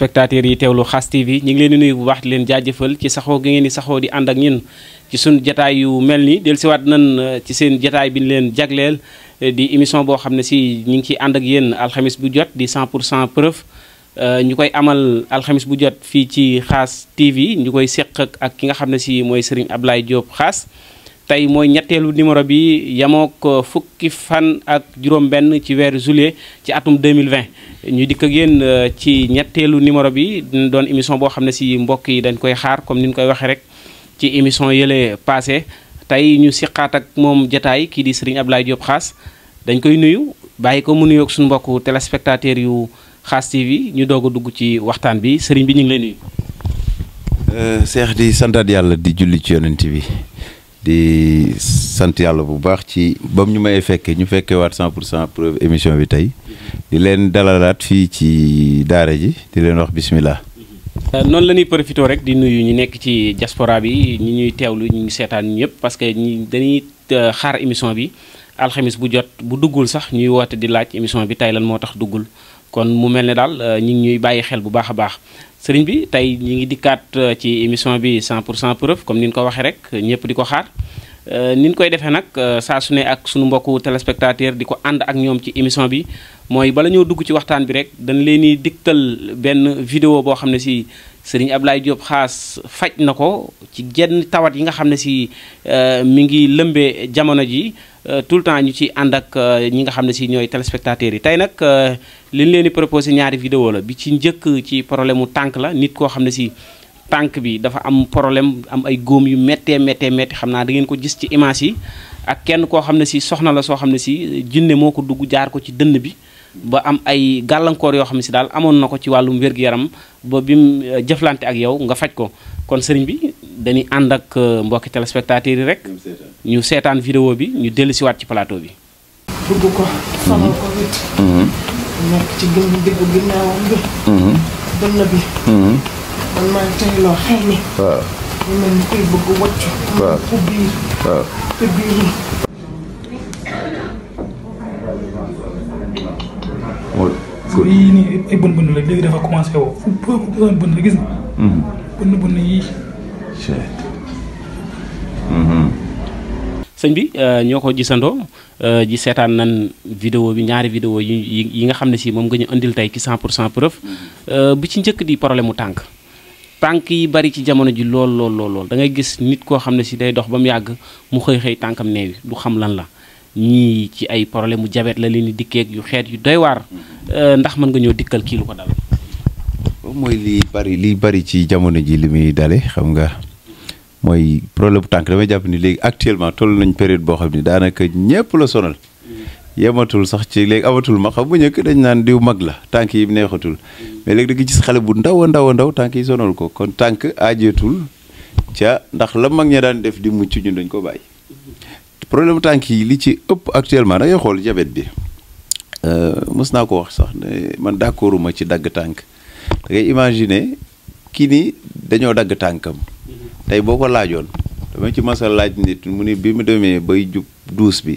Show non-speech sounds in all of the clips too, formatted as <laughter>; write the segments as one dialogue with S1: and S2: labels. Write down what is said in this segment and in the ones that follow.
S1: téléspectateurs yi teewlu Xass TV ñu ngi leen di nuyu bu baax leen jaajëfal ci saxoo gi ngeen di saxoo di ànd ak ñun ci suñ jataay yu mel ni dellusiwaat nan eh, ci seen jataay bi ñu leen jagleel eh, di émission boo xam ne si ñu ngi ciy ànd ak yéen alxamis bu jot di cent pour cent preuve eh, ñu koy amal alxamis bu jot fii ci Xass TV ñu koy seq ak ki nga xam ne si mooy Serigne Ablaye Diop Xass tey mooy ñetteelu numéro bi yamook euh, fukki fan ak juróom-benn ci weeru juillet ci atum 2020 ñu dikk ak yéen euh, ci ñetteelu numéro bi doon émission boo xam ne si mbokk yi dañ koy xaar comme ni ñu koy waxee rek ci émission yële passé tey ñu siqaat ak moom jataay kii di Serigne Abdoulaye Diop xaas dañ koy nuyu bàyyi ko mu nuyoog suñu mbokku téléspectateurs yu Khass TV ñu doog a dugg ci waxtaan bi Serigne bi ñu ngi lay nuyu.
S2: seex euh, di santaat yàlla di julli ci yonent bi. di sant yàlla bu baax ci bam ñu may fekkee ñu fekkee waat cent pour cent preuve émission bi tey di leen dalalaat fii ci daara ji di leen wax bismillah
S1: euh, noonu la ñuy profité rek di nuyu ñu nekk ci diaspora bi ñi ñuy teewlu ñu ngi seetaan ñëpp parce que ñi dañuy euh, xaar émission bi alxamis bu jot bu duggul sax ñuy woote di laaj émission bi tey lan moo tax duggul kon mu mel ne daal euh, ñu ngi ñuy bàyyi xel bu baax a baax sëriñ bi tey ñi ngi dikkaat euh, ci émission bi 100 pour 100 preuve comme ni ko waxee rek ñëpp di ko xaar euh, ni ñu koy defee nag euh, saa su ne ak suñu mbokku téléspectateur di ko ànd ak ñoom ci émission bi mooy bala ñoo dugg ci waxtaan bi rek dañ leen di digtal benn vidéo boo xam ne si sëriñ Ablaye Diop xaas faj na ko ci genn tawat yi nga xam ne si mi ngi lëmbee jamono ji Euh, tout le temps ñu ci ànd ak euh, ñi nga xam ne si ñooy téléspectateurs yi tey nag euh, li ñu leen di proposé ñaari vidéo la bi ci njëkk ci problème mu tànk la nit koo xam ne si tànk bi dafa am problème am ay góom yu méttee méttee métti xam naa da ngeen ko gis ci image yi ak kenn koo xam ne si soxna la soo xam ne si jinne moo ko dugg jaar ko ci dënn bi ba am ay gàllankoor yoo xam ne si daal amoon na ko ci wàllum wér-gu-yaram ba bimu jëflante ak yow nga faj ko kon sëriñ bi dañuy ànd ak mbokki téléspectateurs yi rek ñu seetaan vidéo bi ñu dellu siwaat ci plateau bi. dugg ko. sonal ko wét. Mm-hmm. nekk ci gën diggu ginnaawam bi. Mm-hmm. dënn bi. Mm-hmm. man maa la léegi dafa commencé woo fu bëgg bën la gis yii. sëñ bi euh, ñoo ko gisandoo ji euh, seetaan nan video bi ñaari vidéo yi yi nga xam ne si moom nga ñu indil tey ci cent pour cent preuve mm-hmm. euh, bi ci njëkk di problème mu tànk tànk yi bari ci jamono ji lool lool lool da ngay gis nit koo xam ne si day dox ba mu yàgg mu xëy xëy tànkam neewi du xam lan la ñii ci ay problème mu jabet la leen di dikkeeg yu xeet yu doy waar mm-hmm. ndax mën nga ñëw dikkal kii lu ko dal.
S2: mooy li bari lii bari ci jamono ji li muy dale xam nga. mooy problème bu tànk damay jàpp ni léegi actuellement toll nañ période boo xam ni daanaka ñëpp la sonal yematul sax ci léegi amatul ma xam bu ñëkk dañ naan diw mag la tànk yi neexatul mais léegi da nga gis xale bu ndaw ndaw ndaw tànk yi sonal ko kon tànk aajeetul ca ndax la mag ña daan def di mucc ñun dañ ko bàyyi problème tànk yi li ci ëpp actuellement da ngay xool jabet bi euh, mës naa ko wax sax ne man d'accorduma ci dagg tànk da ngay imaginer kii ni dañoo dagg tànkam tey boo ko laajoon dama ci masa laaj nit mu ni bi mu demee bay jub duus bi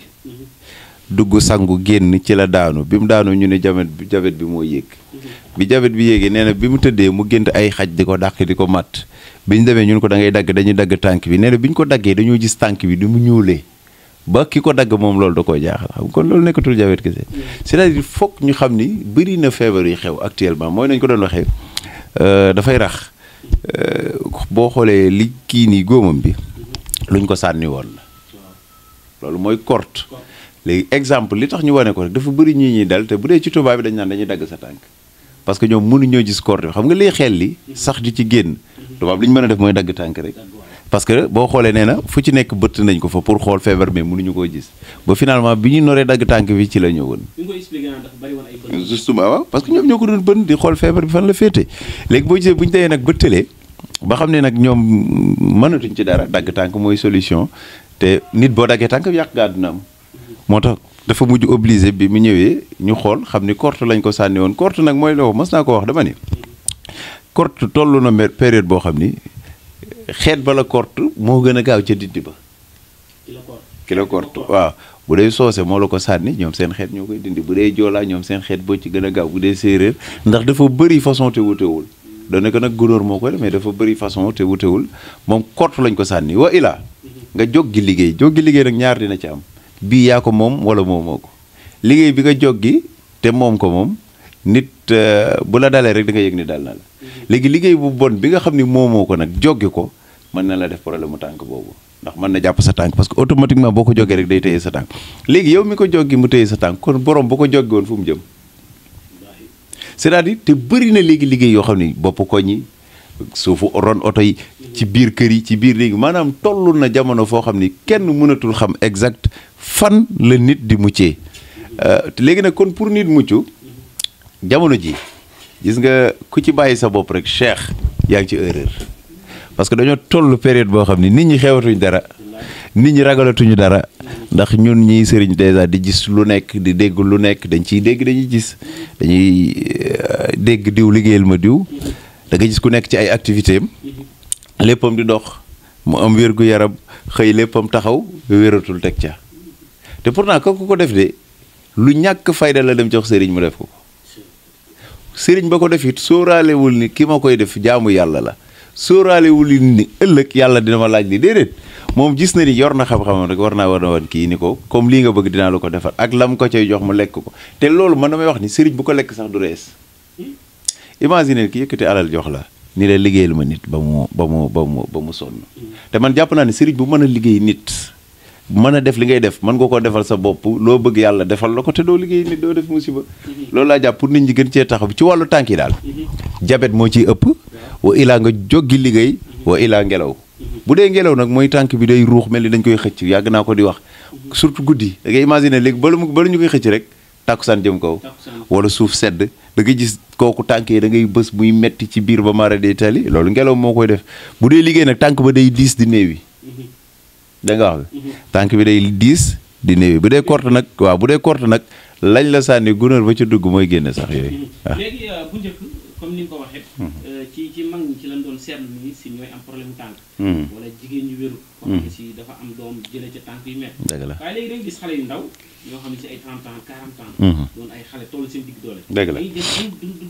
S2: dugg sangu génn ci la daanu bi mu daanoo ñu ne jabet bi bi moo yëg bi jabet bi yéegee nee na bi mu tëddee mu génn ay xaj di ko dàq di ko matt bi ñu demee ñu ñun ko dangay dagg dañuy dagg tànk bi nee bi ñu ko daggee dañoo gis tànk bi du mu ñuulee ba ki ko dagg moom loolu da koo jaaxal xam kon loolu nekkatul jabet kese c'est-à-dire foog ñu xam ni bëri na feebar yi xew actuellement mooy nañ ko doon waxee euh, dafay rax Euh, boo xoolee li kii nii góomam bi luñ ko sànni woon la loolu mooy corte léegi exemple li tax ñu wane ko rek dafa bari ñii ñuy dal te bu dee ci tubaab bi dañ naan dañu dagg sa tànk parce que ñoom mënuñoo gis corte bi xam nga liy xel li sax di ci génn tubaab li ñu mën a def mooy dagg tànk rek parce que boo xoolee nee na fu ci nekk bëtt nañ ko fa pour xool feebar bi mënuñu koo gis ba finalement bi ñu noree dagg tànk bi ci la ñëwoon.
S1: woon ay
S2: bët. parce que ñoom ñoo ko doon bën di xool feebar bi fan la féete léegi boo gisee bu ñu teyee nag bëttalee ba xam ne nag ñoom mënatuñ ci dara dagg tànk mooy solution te nit boo daggee tànk yàq gaa dina am moo tax dafa mujj obligé bi mu ñëwee ñu xool xam ni korte lañ ko sànni woon korte nag mooy loo mas naa ko wax dama ni korte toll na période boo xam ni xeet ba la kort moo gën a gaaw ca diddi ba. ki la kort waaw bu dee soose moo la ko sànni ñoom seen xeet ñoo koy dindi bu dee joolaa ñoom seen xeet boo ci gën a gaaw bu dee séeréer ndax dafa bëri façon te wutewul daanaka nag gunóor moo ko mais dafa bëri façon te wutewul moom kort lañ ko sànni wa ilaa mhm. nga jog gi liggéey jog gi liggéey nag ñaar dina ci am bii yaa ko moom wala moomoo ko liggéey bi nga jog gi te moom ko moom nit euh, bu la dalee rek da nga yëg ni dal na la mhm. léegi liggéey bu bon bi nga xam ni moomoo ko nag joggi ko mën na la def problème mu tànk boobu ndax mën na jàpp sa tànk parce que automatiquement boo ko joggee rek day téye sa tànk léegi yow mi ko joggi mu sa tànk kon borom bu ko joggi woon fu mu jëm cest te bëri na léegi liggéey yoo xam ni bopp koñ yi suufu ron oto yi mhm. ci biir kër yi ci biir léegi maanaam toll na jamono foo xam ni kenn mënatul xam exact fan la nit di muccee mhm. euh, léegi nag kon pour nit mucc jamono ji gis nga ku ci bàyyi sa bopp rek cheikh yaa ngi ci erreur parce que dañoo toll période boo xam ne nit ñi xewatuñ dara nit ñi ragalatuñu dara ndax ñun ñii sëriñ dèjà di gis lu nekk di dégg lu nekk dañ ciy dégg dañuy gis dañuy euh, dégg diw liggéeyal ma diw da nga gis ku nekk ci ay activité am léppam di dox mu am wér yaram xëy léppam taxaw wératul teg ca te pourtant kooku ko def de lu ñàkk fayda la dem jox sëriñ mu def ko. sëriñ ba ko def it sóoraalewul ni ki ma koy def jaamu yàlla la sóoraalewul ni ëllëg yàlla dina ma laaj li déedéet moom gis na ni yor na xam-xamam rek war naa war na wan kii ni ko comme lii nga bëgg dinaa la ko defar ak lam ko cay jox mu lekk ko te loolu man damay wax ni sëriñ bu ko lekk sax du rees imagine ki yëkkati alal jox la ni la liggéeyal ma nit ba mu ba mu ba mu ba mu sonn te man jàpp naa ne sëriñ bu mën a liggéey nit mën a def li ngay def man nga ko defal sa bopp loo bëgg yàlla defal la ko te doo liggéey nit doo def musiba mhm. loolu laa jàpp pour nit ñi gën cee taxaw ci wàllu tànk yi daal mhm. jabet moo ciy ëpp wa ilaa nga joggi liggéey mhm. wa ilaa ngelaw bu dee ngelaw nag mooy tànk bi day ruux mel ni dañu koy xëcc yàgg naa ko di wax surtout guddi da ngay imaginer léegi balu mu balu ñu koy xëcc rek tàkkusaan jëm kaw wala suuf sedd da ngay gis kooku tànk yi da ngay bës buy metti ci biir ba mara day tali loolu ngelaw moo koy def bu dee liggéey nag tànk ba day diis di néewi da nga wax tànk bi day diis di néew bu dee korte nag waaw bu dee korte nag lañ la sànni gunóor ba ca dugg mooy génne sax yooyu. waaw
S1: léegi euh, bu njëkk comme ni nga ko waxee. Hmm. Euh, ci ci mag ñi ci lañ doon seetlu ni si ñooy am problème tànk. Hmm. wala jigéen ñu wéru. comme si dafa am doom jëlee ca tànk yu métti. dëgg la waaye léegi dañu gis xale yu ndaw yoo xam ne si ay 30 ans 40 ans. Hmm. doon ay xale toll seen digg doole. dëgg la dañuy def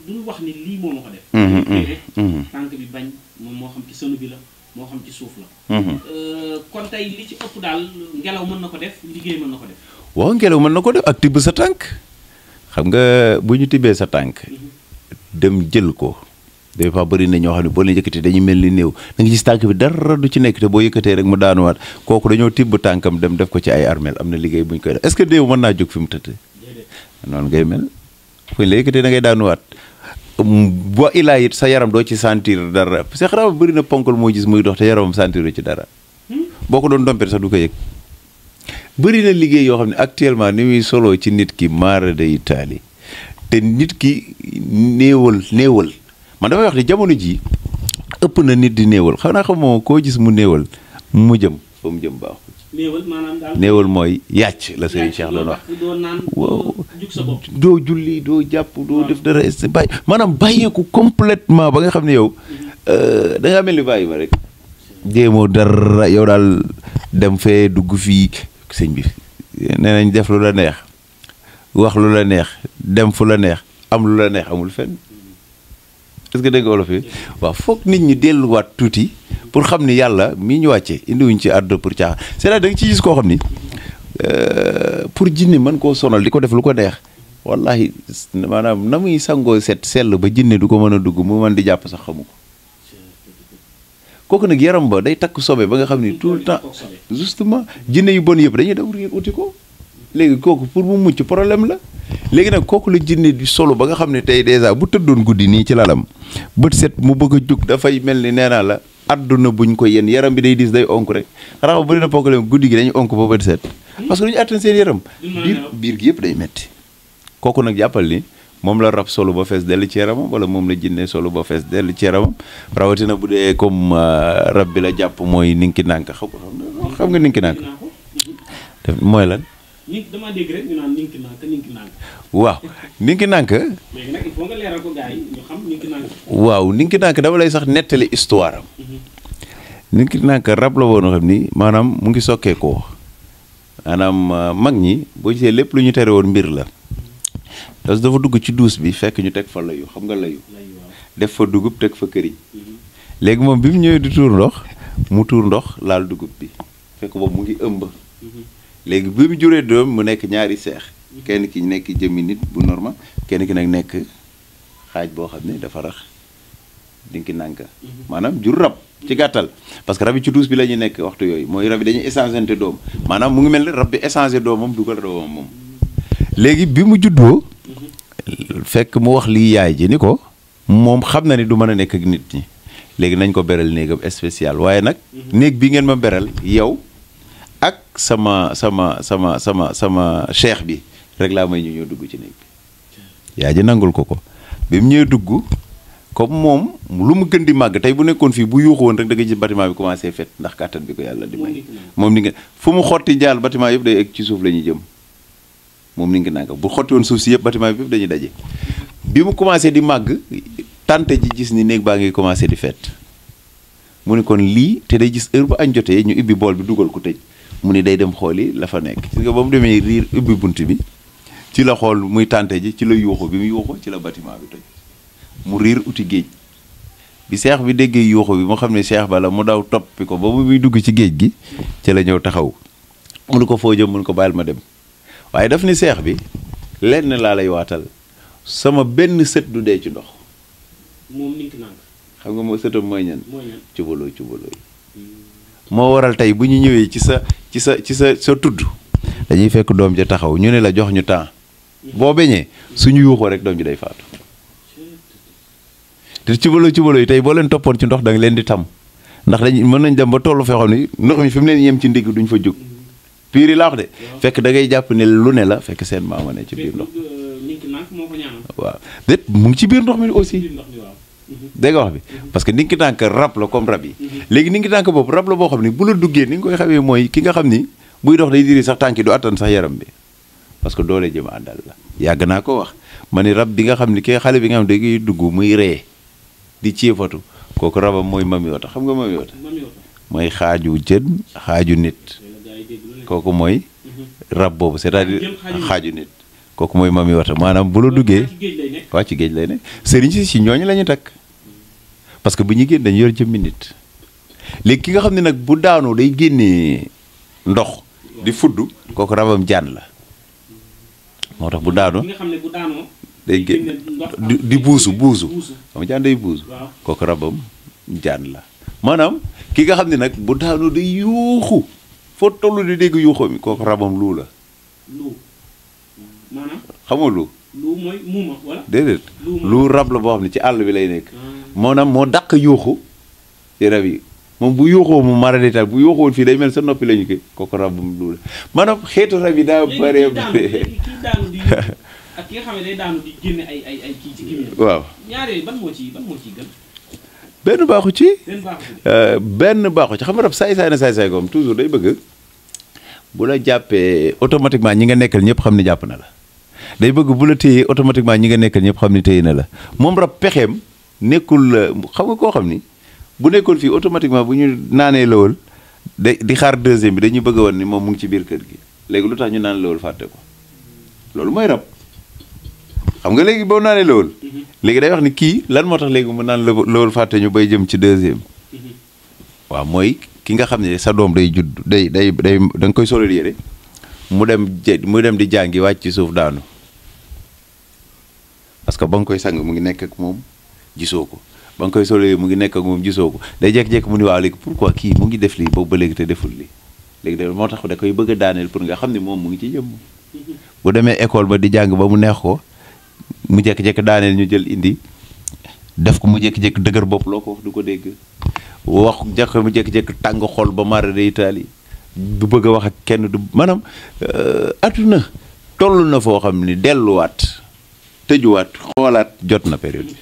S1: duñ wax ni lii moo ma ko def. dañuy rek tànk bi bañ moom moo xam ci sënu bi la. moo xam ci suuf la. Mhm. Euh, kon tey na ko def liggéey mën
S2: waaw ngelaw mën na ko def ak tibb sa tànk xam nga bu ñu tibbee sa tànk. Mhm. dem jël ko. des fois bëri ñoo xam ne boo leen yëkkatee dañuy mel ni néew da nga gis tànk bi dara du ci nekk te boo yëkkatee rek mu daanuwaat kooku dañoo tibb tànkam dem def ko ci ay armel am na liggéey bu ñu koy def est-ce que néew mën naa jóg fi mu tëdd. noonu ngay mel fu ñu la yëkkatee da ngay daanuwaat boo ilaa it sa yaram doo ci sentir dara Cheikh Rawa bari na ponkal moo gis muy dox te yaramam sentir ci dara hmm? boo ko doon dompet sax du ko yëg bëri na liggéey yoo xam ne actuellement ni muy soloo ci nit ki maara day taali te nit ki néewal néewal man damay wax ne jamono jii ëpp na nit di néewal xanaa xamoo koo gis mu néewal mu jëm fa mu jëm baaxul
S1: néewal
S2: mooy yàcc la sëriñ Cheikh doon wax waaw doo julli doo jàpp doo def dara est bàyyi maanaam bàyyeeku complètement ba nga xam ne yow euh, da ngaa mel ni bàyyi ma rek jéemoo dara yow daal dem fee dugg fii sëñ bi nee nañ def lu la neex wax lu la neex dem fu la neex am lu la neex amul fenn parce que dégg nga olof yi waaw foog nit ñi delluwaat tuuti pour xam ni yàlla mii ñu wàccee indiwuñ ci àdduna pour caaxaan c'est-à-dire ci gis koo xam ni euh, pour jinne mën koo sonal di ko def lu ko neex wallahi maanaam na muy sangoo set sell ba jinne du ko mën a dugg mu man di jàpp sax xamu ko kooku nag yaram ba day takk sobe ba nga xam ni tout le temps justement jinne yu bon yëpp dañuy dem uti ko léegi kooku pour mu mucc problème la léegi nag kooku la jinne di solo ba nga xam ne tey dèjà bu tëddoon guddi nii ci lalam bët set mu bëgg a jug dafay mel ni nee naa la adduna buñ ko yenn yaram bi day diis day onk rek raxa bëri na problème guddi gi dañu onk ba bët set parce que du ñu biir yëpp day metti kooku nag jàppal ni moom la rab solo ba fees dell ci yaramam wala moom la jinne solo ba fees dell ci yaramam rawatina bu dee comme euh, rab bi la jàpp mooy ninki nànk xam nga ninki nànk mooy lan
S1: ñi damaa nànk
S2: waaw ninki nànk
S1: léegi nag
S2: waaw ninki nànk dama lay sax nettali histoire am mhm. ninki nànk rab la woon xam ni maanaam mu ngi sokkee ko maanaam euh, mag ñi boo gisee lépp lu ñu tere woon mbir la parce dafa dugg ci duus bi fekk ñu teg fa layu xam nga layu def fa dugub teg fa këriñ mhm. léegi moom bi mu ñëwee di tuur ndox mu tuur ndox laal dugub bi fekk boobu mu ngi ëmb mhm. léegi bi mu juree doom mu nekk ñaari seex kenn ki nekk jëmmi nit bu normal kenn ki nag nekk xaaj boo xam ne dafa rax dinki nànka mhm. maanaam jur rab ci gàttal parce que rab ci duus bi la ñu nekk waxtu yooyu mooy rab yi dañuy échangé doom maanaam mu ngi mel ne rab bi échangé doomam dugal doomam moom léegi bi mu juddoo mhm. fekk mu wax lii yaay ji ni ko moom xam na ni du mën a nekk ak nit ñi léegi nañ ko beral néegam spécial waaye nag mhm. néeg bi ngeen ma beral yow ak sama sama sama sama sama cheikh bi rek laa may ñu ñëw dugg ci néeg bi yaa ji nangul ko ko bi mu ñëwee dugg comme moom lu mu gën di màgg tey bu nekkoon fii bu yuuxu woon da nga gis bâtiment bi commencé fet ndax bi ko yàlla di may moom ni nga fu mu xotti jaal bâtiment yëpp day egg ci suuf la ñuy jëm moom ni nga nanga bu xotti woon suuf si yëpp yëpp dañuy daje bi mu commencé di màgg tante ji gis ni néeg baa ngi commencé di fet mu ne kon lii te day gis heure bu añ jotee ñu ibbi bool bi dugal ko tëj mu ni day dem xooli la fa nekk parce que ba mu demee riir ubbi bunt bi ci la xool muy tànte ji ci la yuuxu bi mu yuuxu ci la bâtiment bi toj mu riir uti géej bi seex bi déggee yuuxu bi mu xam ne seex bala mu daw toppi ko ba mu dugg ci géej gi ci la ñëw taxaw mun ko foo jëm mun ko baal ma dem waaye daf ni seex bi lenn laa lay waatal sama benn sët du dee ci ndox
S1: moom xam
S2: nga moo sëtam mooy ñan cubaloo cubaloo yi moo waral tey bu ñu ñëwee ci sa ci sa ci sa sa tudd dañuy fekk doom ja taxaw ñu ne la jox ñu temps boo beñee suñu yuuxoo rek doom ji day faatu te ci cubalo cubalo yi tey boo leen toppoon ci ndox da leen di tam ndax dañ mën nañ dem ba tollu fee xam ndox mi fi mu leen yem ci ndigg duñ fa jóg piir yi laax de fekk da ngay jàpp ni lu ne la fekk seen maama ne ci biir ndox waaw déet mu ci biir ndox mi aussi dégg wax bi parce que ninki tànk rab la comme rab yi léegi ninki tànk boobu rab la boo xam ne bu la duggee ni nga koy xamee mooy ki nga xam ni buy dox day sax tànki du sax yaram parce que doole jëm àndal la yàgg naa ko wax ma ni rab bi nga xam ni kii xale bi nga xam ne day dugg muy ree di ciifatu kooku rabam mooy mami wota xam nga mami mooy xaaju jën xaaju nit kooku mooy rab boobu c'est-à-dire xaaju nit mooy mami wota maanaam bu la duggee waa ci géej lay ne sëriñ si si ñooñu lañu ñu takk parce que bu ñuy génn dañu yor jëmmi nit léegi ki nga xam ne nag bu daanoo day génnee ndox di fudd kooku rabam jaan la moo tax bu daanoo ki nga
S1: xam ne bu daanoo
S2: day génn di buusu buusu xam kooku rabam la maanaam ki nga xam ne nag bu daanoo day yuuxu foo toll di dégg yuuxoo mi kooku rabam luu la xam nga lu
S1: lu mooy lu
S2: rab la boo xam ne ci àll bi lay nekk ah. maanaam moo daq yuuxu ci rab yi moom bu yuuxoo mu maradi tal bu yuuxoo fii day mel sa noppi lañu ko kooku rab du maanaam xeetu rab yi daa bëree <laughs> ak benn baaxu ci benn baaxu ci euh, xam nga rab saay-saay na saay-saay goom toujours day bëgg bu la jàppee automatiquement ñi nga nekkal ñëpp xam ne jàpp na la day bëgg bu la téyee automatiquement ñi nga nekkal ñëpp xam ne téye na la moom rab pexeem nekkul euh, xam nga koo xam ni bu nekkoon fii automatiquement bu ñu naanee lawal day di xaar deuxième bi dañuy bëgg a woon ni moom mu ngi ci biir kër gi léegi lu tax ñu naan lawal fàtte ko loolu mooy rab xam nga léegi boo naanee lawal mm-hmm. léegi day wax ni kii lan moo tax léegi mu naan lawal fàtte ñu bay jëm ci deuxième mm-hmm. waaw mooy ki nga xam ne sa doom day judd day day day da koy solal yére mu dem mu dem di jàngi wàcc ci suuf daanu parce que ba nga koy sang mu ngi nekk ak moom gisoo ko ba nga koy solee mu ngi nekk ak moom gisoo ko day jekk jékki mu ni waaw léegi pourquoi kii mu ngi def lii boobu ba léegi te deful lii léegi de moo tax da koy bëgg a daaneel pour nga xam ni moom mu ngi ci jëm bu demee école ba di jàng ba mu neex ko mu jékki-jékki daaneel ñu jël indi def ko mu jékki-jékki dëgër bopp ko du ko dégg wax jàkk mu jékki-jékki tàng xol ba mara de Italie du bëgg a wax ak kenn du maanaam àdduna euh, toll na foo xam ni delluwaat tëjuwaat xoolaat jot na période bi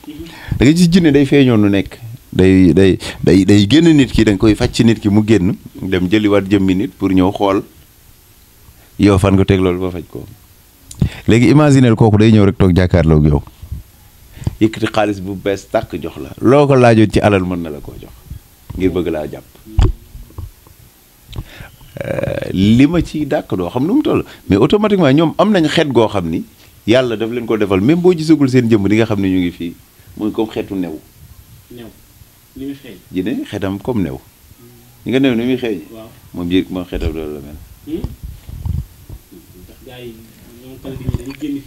S2: da ci gis jinne day feeñoo nu nekk day day day day génn nit kii da koy faj ci nit ki mu génn dem jëliwaat jëmmi nit pour ñëw xool yow fan ko teg loolu ba faj ko léegi imagineel kooku day ñëw rek toog jàkkaarloog yow yëkkati xaalis bu bees tàkk jox la loo ko laajoon ci alal mën na la koo jox ngir bëgg laa jàpp eh, li ma ci dàkk doo xam nu mu toll mais automatiquement ñoom am nañ xeet goo xam ni yàlla daf leen koo defal même boo gisagul seen jëmm di nga xam ne ñu ngi fii mooy comme xeetu new.
S1: new li jinne
S2: xeetam comme new. ñi nga new ni muy xeeñ. waaw moom yëg moom xeetam loolu la mel.
S1: Hmm?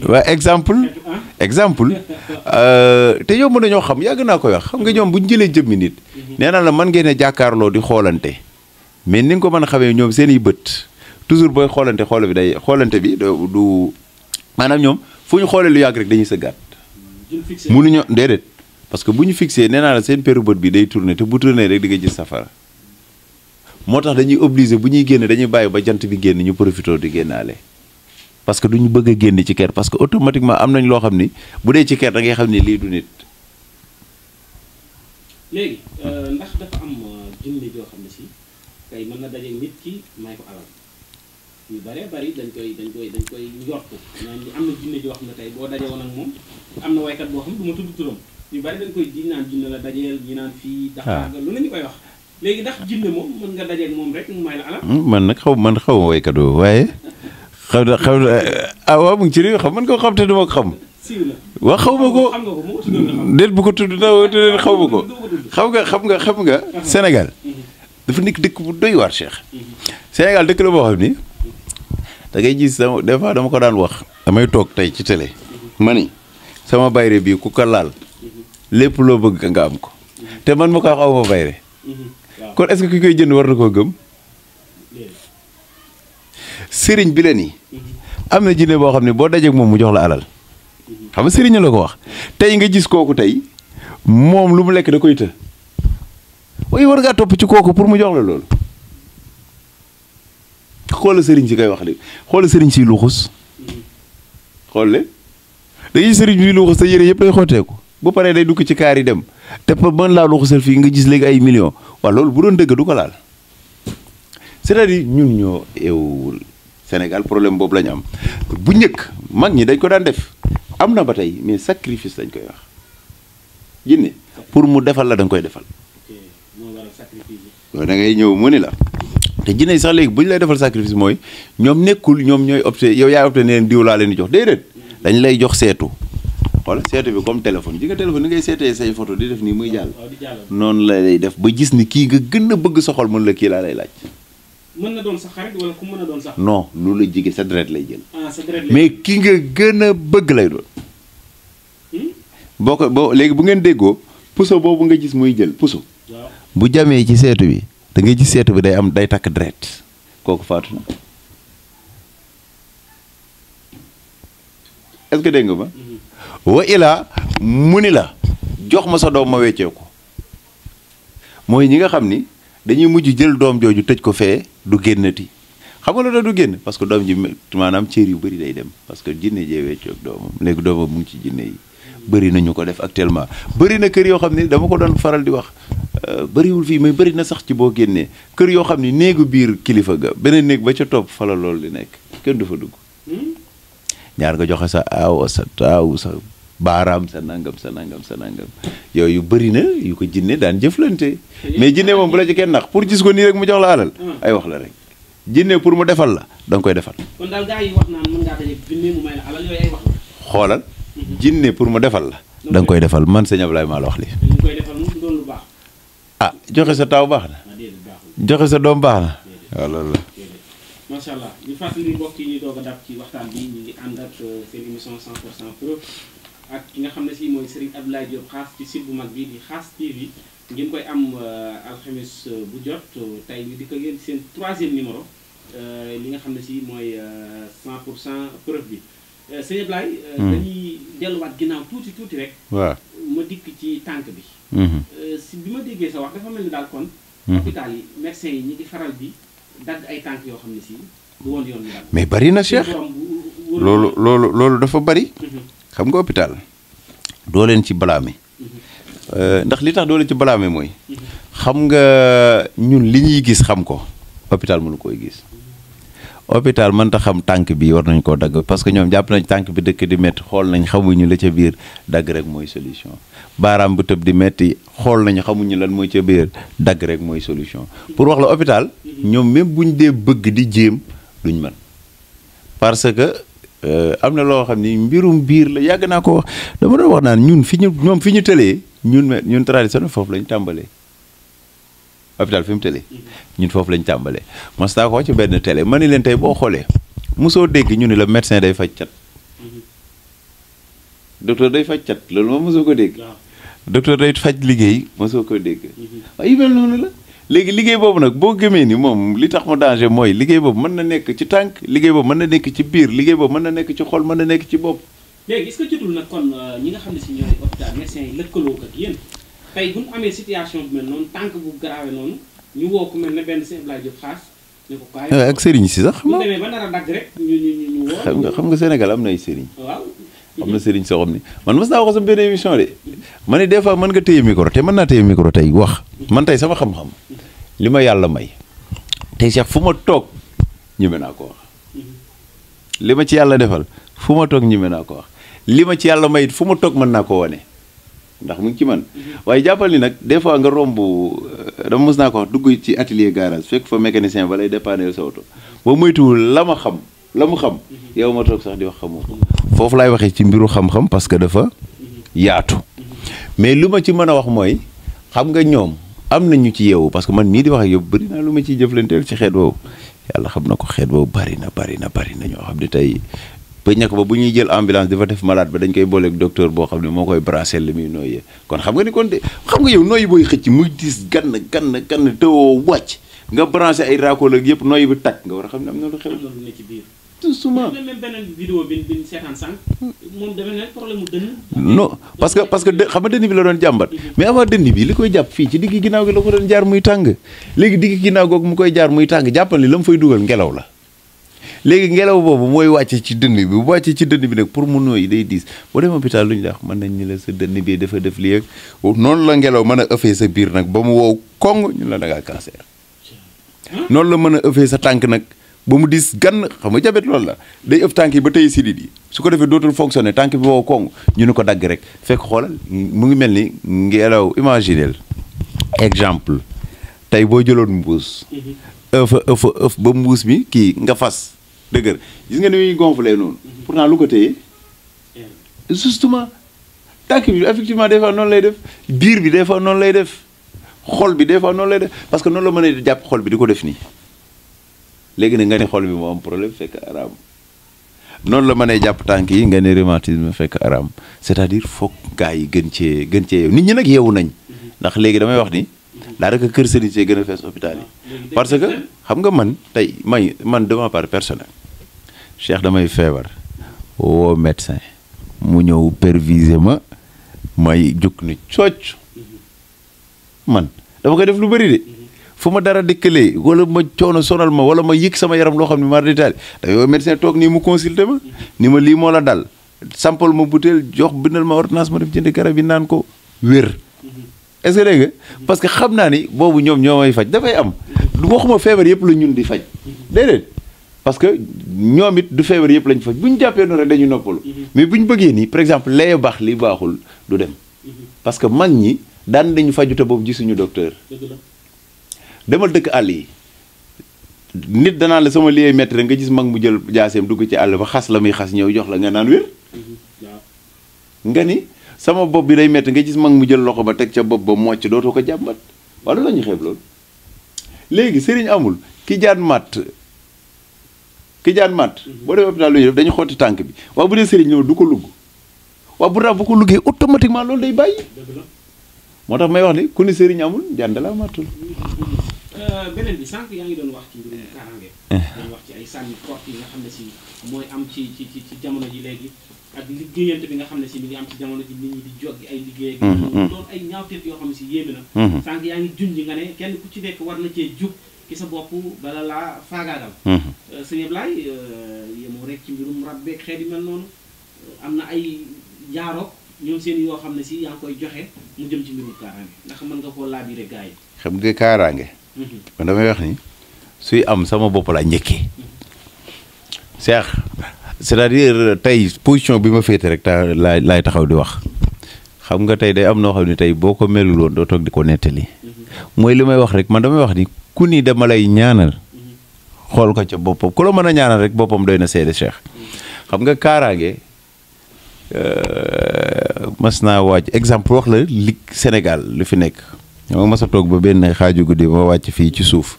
S1: waaw exemple ah? exemple <laughs>
S2: euh, te yow mën ñoo xam yàgg naa koy wax xam nga ñoom bu ñu jëlee jëmmi nit. Hmm. nee naa la mën ngeen a jàkkaarloo di xoolante mais ni nga ko mën a xamee ñoom seen i bët toujours booy xoolante xool bi day xoolante bi du maanaam ñoom fu ñu xoolee lu yàgg rek dañuy sëggaat. ño déedéet parce que bu ñu fixee neenaa la seen péru bët bi day tourné te bu tourné rek di nga gis safara moo tax dañuy obligé bu ñuy génn dañuy bàyyi ba jant bi génn ñu profité di génnaale parce que ñu bëgg a génn ci ker parce que automatiquement am nañ loo xam ni bu dee ci ker da ngay xam ni lii du nit.
S1: Euh, euh, si tey yu bëree bëri dañ koy dañ koy dañ na tey boo daje woon na waykat boo xam ne du ma tudd turam yu bëri dañ koy jiñ naan jinne la dajeel ñi naan fii daxaaga ah. lu nañu koy wax léegi ndax jinne moom mën nga dajeeg moom rek mu may la alal hmm,
S2: man nag xaw man xaw ma waykat waaye xaw na xaw na ah, mu ngi ci réew xam man ko xam te du ma ko xam waaw xaw ma ko déet bu ko tudd na te déet xaw ma ko xaw nga xam nga xam nga uh-huh. Sénégal uh-huh. dafa nekk dëkk bu doy waar Cheikh uh-huh. Sénégal dëkk la boo xam ni dangay ngay gis des fois dama ko daan wax. damay toog tey ci tele ma ni sama bayre bii ku ko laal lépp loo bëgg nga am ko te man ma ko wax aw ma bayre kon est-ce que ki koy jënd war na koo gëm. sëriñ bi la nii. am na jinne boo xam ne boo dajeeg moom mu jox la alal. xam nga sëriñ la ko wax tey nga gis kooku tey moom lu mu lekk da koy të. waaye war ngaa topp ci kooku pour mu jox la lool xool sëriñ si koy wax li xool sëriñ si luxus xool le da sëriñ bi luxus sa yére yëpp ay xooteeku bu paree day dugg ci kaar yi dem te pa mën laa luxusal fii nga gis léegi ay million waaw loolu bu doon dëgg du ko laal c'est-à-dire ñun ñoo eewul Sénégal problème boobu lañu ñu am bu njëkk mag ñi dañ ko daan def am na ba tey mais sacrifice dañ koy wax jinne pour mu defal la dañ koy defal loolu da ngay ñëw mu ni la te jinne yi sax léegi bu ñu lay defal sacrifice mooy ñoom nekkul ñoom ñooy opté yow yaay opté ne leen diw laa leen di jox déedéet dañ lay jox seetu wala seetu bi comme téléphone ji nga téléphone ngay seetee say foto di def nii muy jàll noonu la lay def ba gis ni kii nga gën a bëgg soxol mën la kii laa lay laaj
S1: mën doon sax xarit wala mën a doon sax
S2: non lu la jige sa deret lay jël ah, mais ki nga gën a bëgg lay doon hmm? boo ko boo léegi bu ngeen déggoo puso boobu nga gis muy jël puso bu jamee ci seetu bi dangay ci seetu bi day am day takk deret kooku faatu na est-ce nga ma mm-hmm. wa ilaa mu ni la jox ma sa doom ma weccee mooy ñi nga xam ni dañuy mujj jël doom jooju tëj ko fee du génnati xam nga loolu du génn parce que doom ji maanaam cër yu bëri day dem parce que jinne jee weccoog doomam léegi doomam mu ngi ci jinne yi bëri na ko def actuellement bari na kër yoo xam ni dama ko doon faral di wax Euh, bariwul fii mais bëri na sax ci boo génnee kër yoo xam ni néegu biir kilifa ga beneen néeg ba ca topp fa la loolu di nekk kenn du fa dugg. Hmm? ñaar nga joxe sa aaw sa taaw sa baaraam sa nangam sa nangam sa nangam yooyu bëri na yu ko jinne daan jëflante. mais jinne moom bu la ci kenn nax pour gis ko nii rek mu jox la alal. Hmm. ay wax la rek jinne pour mu defal la danga koy defal. kon daal xoolal hmm. jinne pour mu defal la. da koy defal man sëñ Ablaye maa la wax
S1: lii.
S2: ah joxe sa taw baax na. joxe sa doom baax na. waaw ah, loolu la.
S1: macha allah ñu fàttali mbokk yi ñu doog a dab ci waxtaan bi ñu ngi ànd ak euh, seen émission 100 pour 100 pro ak ki nga xam ne si mooy Serigne Abdoulaye Diop xaas ci site mag bi di xaas TV ngeen koy am euh, alxames euh, bu jot tey ñu di ko ngeen seen troisième numéro li nga xam ne si mooy 100 pour cent preuve bi sëñ Ablaye. Hmm. dañuy delluwaat ginnaaw tuuti tuuti rek. waaw ma dikk ci tànk bi. Mhm. Euh, si bi mhm. mais bari na Cheikh loolu
S2: loolu dafa bari. Mhm. xam nga hôpital doo leen ci balaame. Euh, ndax li tax doo leen ci balaame mooy. xam nga ñun li ñuy gis xam ko hôpital mënu koy gis. hôpital mënta xam tànk bii war nañ koo dagg parce que ñoom jàpp nañ tànk bi dëkk di métti xool nañ xamuñu la ca biir dagg rek mooy solution baaraam bu tëb di métti xool nañ xamuñu lan mooy ca biir dagg rek mooy solution pour wax la hôpital ñoom même bu ñu dee bëgg di jéem duñ man parce que euh, am na loo xam ni mbirum biir la yàgg naa ko wax dama doon wax naan ñun fi ñu ñoom fi ñu tëlee ñun ñun traditionnel foofu la ñu tàmbalee hôpital fi mu tëlee ñun foofu lañ tàmbalee mos naa ko ci benn télé ma ni leen tey boo xoolee mosoo dégg ñu ni la médecin day faj cat docteur day faj cat loolu moom mosoo ko dégg docteur day faj liggéey mosoo ko dégg mhm. léegi liggéey boobu nag boo gëmee ni moom li tax mu danger mooy liggéey boobu mën na nekk ci tànk liggéey boobu mën na nekk ci biir liggéey boobu mën na nekk ci xol mën na nekk ci bopp
S1: léegi est-ce euh, xam ne yi lëkkaloo tey bu ñu amee situation bu mel noonu tànk bu grave noonu ñu eh, ak sëriñ si sax. xam
S2: nga xam nga Sénégal am na ay sëriñ. waaw. am na sëriñ soo xam ne man mos naa wax sama benn émission de ma ne des fois mën nga téye micro te mën naa téye micro tey wax man tey sama xam-xam li ma yàlla may tey Cheikh fu ma toog ñeme naa ko wax mm-hmm. li ma ci yàlla defal fu ma toog ñeme naa ko wax li ma ci yàlla may fu ma toog mën naa ko wane. ndax mu ngi ci man waaye jàppal ni nag des fois nga romb euh, dama mos naa ko wax dugg ci atelier garage fekk fa mécanicien ba lay dépanner sa oto boo moytuwul la ma xam la mu xam yow ma toog sax di wax xamoo foofu laay waxee ci mbiru xam-xam parce que dafa yaatu mais lu ma ci mën a wax mooy xam nga ñoom am nañu ci yeewu parce que man mii di wax ak yow bëri naa lu ma ciy jëflanteel ci xeet woowu xam na ko xeet boobu bari na na bari na ñoo xam ne tey pëj na bu ñuy jël ambulance dafa def malade ba dañ koy booleeg docteur boo xam ne moo koy brasser li muy nooyee kon xam nga ni kon de xam nga yow nooyi booy xëcc muy diis gann gann gann tëwoo wàcc nga branché ay raccord ak yëpp nooyi bi takk nga a xam na ci biir.
S1: souvent bu même bi bi seetaan sànq. moom dafa ne problème mu dënn.
S2: parce que xam nga dënn bi la doon jàmbat. mais avant dënn bi li koy jàpp fii ci digg ginnaaw gi la ko doon jaar muy tàng léegi digg ginnaaw googu mu koy jaar muy tàng jàppal ni la mu fay dugal ngelaw la léegi ngelaw boobu mooy wàcce ci dënn bi bu wàccee ci dënn bi nag pour mu nooyi day diis boo demee hôpital lu ñu wax mën nañ ni la sa dënn bi dafa def lii ak noonu la ngelaw mën a ëffee sa biir nag ba mu wow kong ñu la da ngaa cancer noonu la mën a ëffee sa tànk nag ba mu dis gan xam nga jabet loolu la day ëf tànk yi ba tey sidit yi su ko defee dootul fonctionner tànk bi wow kong ñu ne ko dagg rek fekk xoolal mu ngi mel ni ngelaw imaginel exemple tey boo jëloon mbuus mhm. mbuus mi kii nga fas dëgër gis nga ni muy gonflé noonu. Mhm. pourtant lu ko téye. justement tànk bi effectivement des fois noonu lay def biir bi des fois noonu lay def xol bi des fois noon lay def parce que noonu la mën a jàpp xol bi di def nii. léegi nag nga ne xol bi moo am fekk araam noonu la mënee jàpp tànk yi nga ne rhumatisme fekk araam c'est-à-dire foog gars yi gën cee gën cee nit ñi nag yeewu nañ mhm. ndax léegi damay wax ni mhm. daanaka kër sëriñ see gën a fees hôpital yi ah, parce que xam nga man tey may man de ma part personnel Cheikh damay feebar woo médecin mu ñëw perviser ma may jóg ni cocc man dama koy def lu bëri de fu ma dara dëkkalee walla ma coono sonal ma wala ma yëg sama yaram loo xam ne mar ditaali toog nii mu consulter ma ni ma lii moo la dal sampal ma butéel jox bindal ma ordonnance ma dem jënd garab yi naan ko wér est-ce que dégg nga parce que xam naa ni boobu ñoom ñoo faj dafay am du waxuma feebar yëpp la ñun di faj déedéet parce que ñoom it du feebar yëpp lañ faj bu ñu jàppee noonu rek dañu noppalu. Mhm. mais bu ñu bëggee nii par exemple lee baax li baaxul du dem. Mhm. parce que mag ñi daan dañu fajute boobu suñu docteur. demal dëkk àll yi nit danaa la sama liy métti rek nga gis mag mu jël jaaseem dugg ci àll ba xas la muy xas ñëw jox la nga naan wér. Mhm. nga ni sama bopp bi day metti nga gis mag mu jël loxo ba teg ca bopp ba mocc dootoo ko jàmbat wala la ñu xeeb loolu léegi sëriñ amul ki jaan mat boo demee hôpital lu ñuy def dañu xotti tànk bi waaw bu dee sëriñ loolu du ko lugg waaw bu daa bu ko luggee automatiquement loolu day bàyyi moo tax may wax ni ku ni sëriñ amul jaan da laa mattul
S1: euh, beneen bi sànq yaa ngi doon wax ci mbirum kaaraange doon eh. wax ci ay sànni porte yi nga xam ne si mooy am ci ci ci jamono ji léegi ak liggéeyante bi nga xam ne si mi ngi am ci jamono ji nit ñi di joggi ay liggéey mm-hmm. doon ay ñaawteef yoo xam si yéeme na mm-hmm. sànq yaa ngi junj nga ne kenn ku ci nekk war na cee jub ci sa bopp bala laa faagaagal. Mhm. Euh, sëñ Ablaye euh, yemoo rek ci mbirum rab beeg xeet yi mel noonu euh, am na ay jaaroog ñoom seen yoo xam ne si yaa koy joxe mu jëm ci mbirum kaaraange ndax mën nga koo laabire gars
S2: nga kaaraange. Mhm. man wax ni am sama bopp laa njëkkee. Cheikh cest bi ma féete rek laay taxaw di wax xam nga tey day am noo xam ne tey boo ko melul woon doo toog di ko nettali. Mhm. mooy li may wax rek man damay wax ni. ku ni dama lay ñaanal xool ko ca boppam ku la mën a ñaanal rek boppam doy na seede Cheikh xam nga kaaraage euh, mas naa wàcc exemple wax la lig Sénégal lu fi nekk ma mas a toog ba benn xaaju guddi ma wàcc fii ci suuf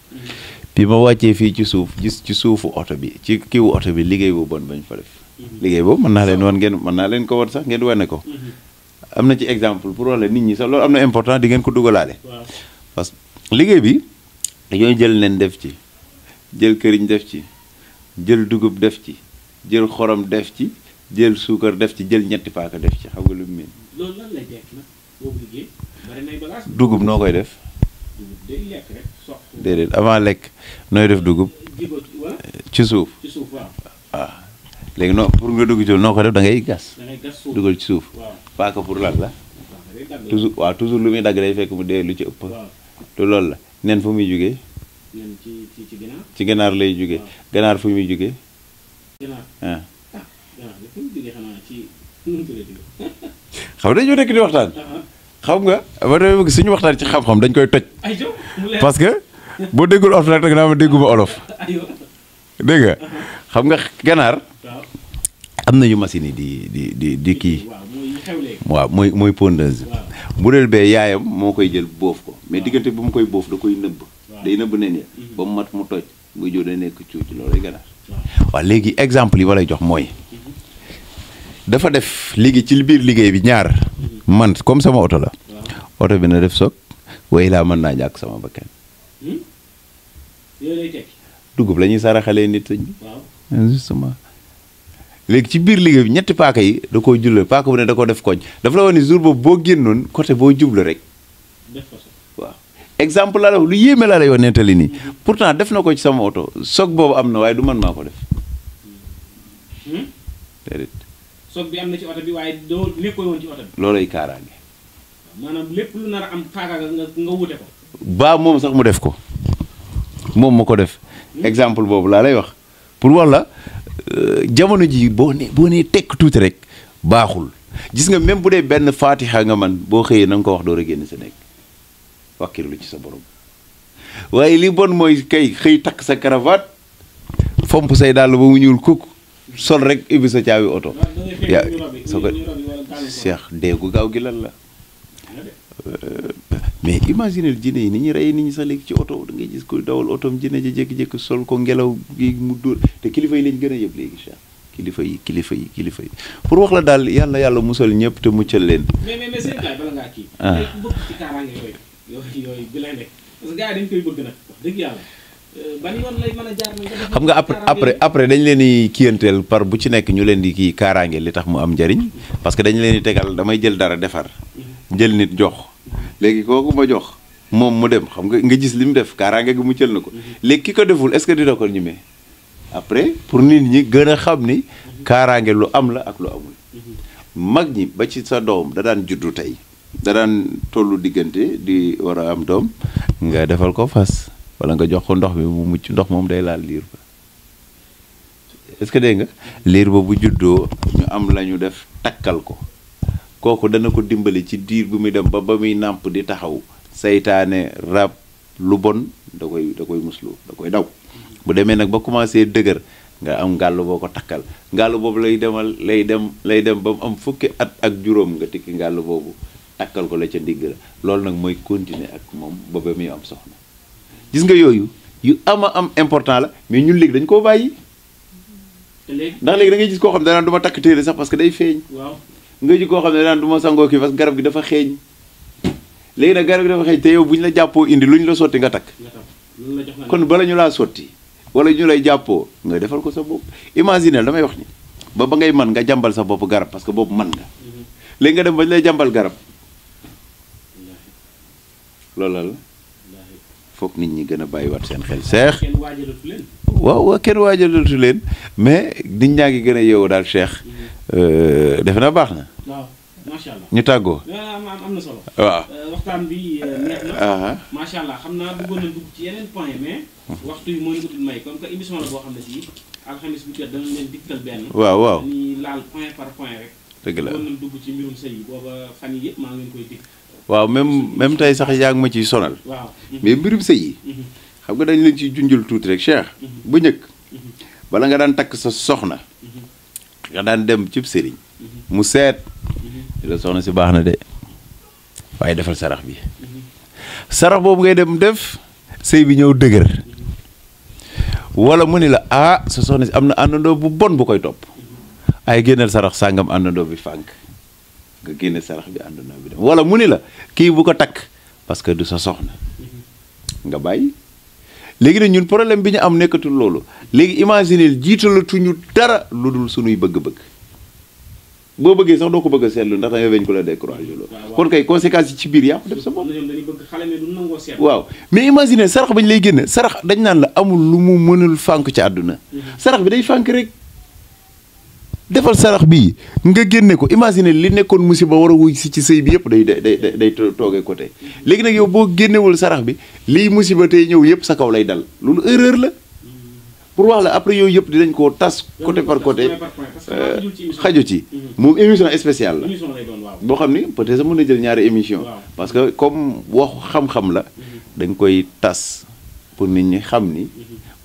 S2: bi ma wàccee fii ci suuf gis ci suufu oto bi ci kiwu oto bi liggéey bu bañ fa liggéey boobu mën naa leen wan ngeen mën naa leen ko wan sax ngeen wane ko am na ci exemple pour wax la nit ñi sax loolu am na important di ngeen ko dugalaale parce liggéey bi yooyu jël nen def ci jël këriñ def ci jël dugub def ci jël xorom def ci jël suukar def ci jël ñetti paaka def ci xam nga lu
S1: dugub noo koy def. dugub day avant
S2: lekk nooy def dugub.
S1: ci suuf ci ah.
S2: léegi noo pour nga dugg ci noo ko def da gas. da ci suuf. waaw pour lan la. toujours waaw toujours lu muy dagg day fekk mu dee lu ci ëpp. te loolu la. nen fu muy jóge ci ganaar lay jóge ganaar fu muy jóge ah,
S1: ah <laughs>
S2: xam dañoo nekk di waxtaan ah, ah. nga ma suñu waxtaan ci xam dañ koy toj parce que boo déggul olof nag danga naa ma dégguma olof dégg nga xam nga ganaar am na nañu machine yi di di di di kii waaw mooy mooy pondeuse bu bureel bee yaayam moo koy jël boof ko mais diggante bi mu koy boof da koy nëbb day nëbb nen ya mhm. ba mu mat mu toj muy jóo day nekk cuuc loolu ganaar waaw léegi exemple yi ma lay jox mooy mhm. dafa def léegi ci biir liggéey bi ñaar mhm. man comme sama oto la oto bi na def soog way laa mën naa ñàkk sama bakkan hmm? dugub la ñuy saraxalee nit ñi justement léegi ci biir liggéey bi ñetti paaka yi da koo julle paaka bu ne da ko def koñ dafa la woon ni jour boobu boo génnoon côté boo jublu rek waaw exemple laa la lu nettali nii pourtant def na ko ci sama oto soog boobu am na waaye du man maa ko def hmm? déedéet
S1: soog lépp lu
S2: baa moom sax mu def ko moom ma ko def hmm? exemple boobu laa lay wax pour wax la jamono ji boo ne boo nee tekk tuuti rek baaxul gis nga même bu dee benn faatixa nga man boo xëyee na nga ko wax door a génn sa nekk wàkkirlu ci sa borom waaye li bon mooy kay xëy takk sa cravate fomp say dàll ba mu ñuul kukk sol rek ubbi sa caabi oto yaa soo ko seex deegu gaaw gi lan la mais imaginez jinne yi ni ñuy rey ni ñu sax léegi ci oto da jinne ji jékki-jékki sol ko ngelaw gi mu dóor te kilifa yi lañ gën a yëpp léegi incha kilifa yi kilifa yi pour wax la daal yàlla yàlla musal ñëpp te muccal leen.
S1: xam nga après après
S2: après dañ leen di kiyanteel par bu ci nekk ñu leen di kii kaaraange li tax mu am njariñ parce que dañ leen di tegal damay jël dara defar. Mm-hmm. jël nit jox léegi kooku ma jox moom mu dem xam nga nga gis li mu def kaaraange gi mu jël na ko mhm. léegi ki ko deful est-ce que dina ko ñemee après pour nit ñi gën a xam ni kaaraange lu am la ak lu amul mhm. mag ñi ba ci sa doom da daan juddu tey da daan tollu diggante di war a am doom nga defal ko fas wala nga jox ko ndox mi mu mucc ndox moom day laal liir ba est que dégg nga mhm. liir ba bu juddoo ñu am la ñu def takkal ko kooku dana ko dimbali ci diir bu muy dem ba ba muy nàmp di taxaw seytaane rab lu bon da koy da koy muslu da koy daw bu demee nag ba commencé dëgër nga am ngàll boo ko takkal ngàll boobu lay demal lay dem lay dem ba mu am fukki at ak juróom nga tikki ngàll boobu takkal ko la ca ndigg la loolu nag mooy continuer ak moom ba ba muy am soxna gis nga yooyu yu ama am important la mais ñun léegi dañ koo bàyyi. ndax léegi da gis koo xam ne danaan du ma takk téere sax parce que day nga ji koo xam ne daan du ma sangoo kii parce garab gi dafa xeeñ léegi nag garab gi dafa xeeñ te yow bu ñu la jàppoo indi lu ñu la sotti nga takk kon bala ñu laa sotti wala ñu lay jàppoo nga defal ko sa bopp imagine damay wax ni ba ba ngay man nga jàmbal sa bopp garab parce que boobu man nga mhm. léegi nga dem ba ñu lay jàmbal garab loolu la foog nit ñi gën a bàyyiwaat seen xel seex. kenn waaw waaw kenn waajalatu leen mais nit ñaa ngi gën a yeewu daal seex. Mm-hmm. Euh, defe naa baax na.
S1: waaw macha ñu tàggoo. Euh, am na solo. waaw euh, waxtaan bi neex xam naa mais. Mm-hmm. waxtu yi moo ñu utul boo xam ne si alxames waaw waaw ni par point rek. dëgg la dugg ci mbirum sëy yi booba fan yii koy dikk.
S2: waaw même même tey sax yaa ngi ma ciy sonal. waaw mais mbirum sëy yi. Mhm. xam nga dañ leen ciy junjul tuuti rek Cheikh. Mhm. bu njëkk mhm. bala nga daan takk sa soxna. nga daan dem cib sëriñ. mu seet. la soxna si baax na de waaye defal sarax bi. sarax boobu ngay dem def sëy bi ñëw dëgër. wala mu ni la ah sa soxna si am na àndandoo bu bon bu koy topp. ay génneel sarax sàngam àndandoo bi fànk. nga génne sarax bi mu la kii bu ko takk parce que du sa soxna nga bàyyi léegi nag ñun problème bi ñu am nekkatul loolu léegi imagineel jiitalatuñu dara lu dul suñuy bëgg-bëgg boo bëggee sax doo ko bëgg a seetlu ndax ko la découragé loolu kon kay conséquences ci biir yaa ko
S1: def sa bopp waaw
S2: mais imagine sarax bañ lay génne sarax dañ naan la amul lu mu mënul fànk ci àdduna mm-hmm. sarax bi day fànk rek defal sarax bii nga génne ko imagine li nekkoon musiba war a wuy si ci sëy bi yëpp day day day day toogee côté léegi nag yow boo génnewul sarax bi lii musiba tey ñëw yëpp sa kaw lay dal loolu erreur la pour wax la après yooyu yëpp dinañ koo tas côté par côté xajo ci moom émission spéciale
S1: la boo
S2: xam ni peut-être mën na jël ñaari émission parce que comme wax xam-xam la dañ koy tas pour nit ñi xam ni mhm.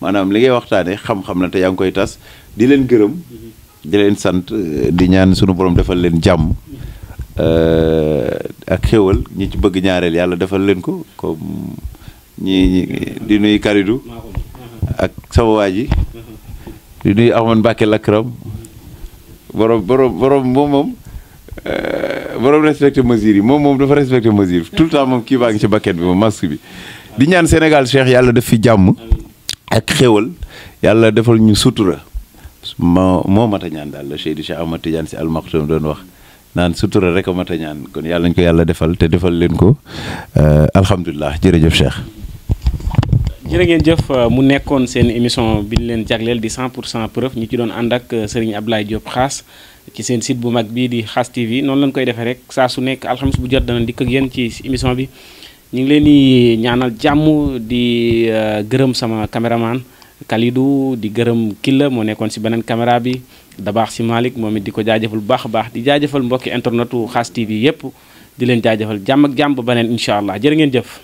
S2: maanaam li ngay waxtaane xam-xam la te yaa ngi koy tas di leen gërëm mhm. di leen sant eh, di ñaan sunu borom defal leen jàmm eh, ak xéwal ñi ci bëgg ñaareel yàlla defal leen ko comme ñi di nuyu Kalidou ak sama waa ji di nuyu Ahmad Mbacke Lakram borom borom borom moom moom eh, borom respecté mesure yi moom moom dafa respecté mesure tout le temps moom kii baa ngi ci baket bi moom masque bi di ñaan Sénégal Cheikh yàlla def fi jàmm ak xéwal yàlla defal ñu sutura. moo moo mat a ñaan daal la Seydi Cheikh Ahmad Tidiane si almaxtum doon wax naan sutura rek a mat a kon yàlla ñu ko yàlla defal te defal leen ko euh, alhamdulilah jërëjëf Cheikh.
S1: jërë ngeen jëf euh, mu nekkoon seen émission bi ñu leen jagleel di 100 pour cent preuve ñu ci doon ànd ak euh, Serigne Abdoulaye Diop xaas ci seen sit bu mag bii di xaas TV noonu lañ koy defee rek saa su nekk alxames bu jot dana dikk ak yéen ci émission bi ñu ngi leen di ñaanal jàmm di gërëm sama caméraman. Kalidou di gërëm Killa moo nekkoon si beneen caméra bi da baax si Malick moom it di ko jaajëfal bu baax a baax di jaajëfal mbokki internetu Khass TV yépp di leen jaajëfal jàmm ak jàmm ba beneen incha allah jër ngeen jëf.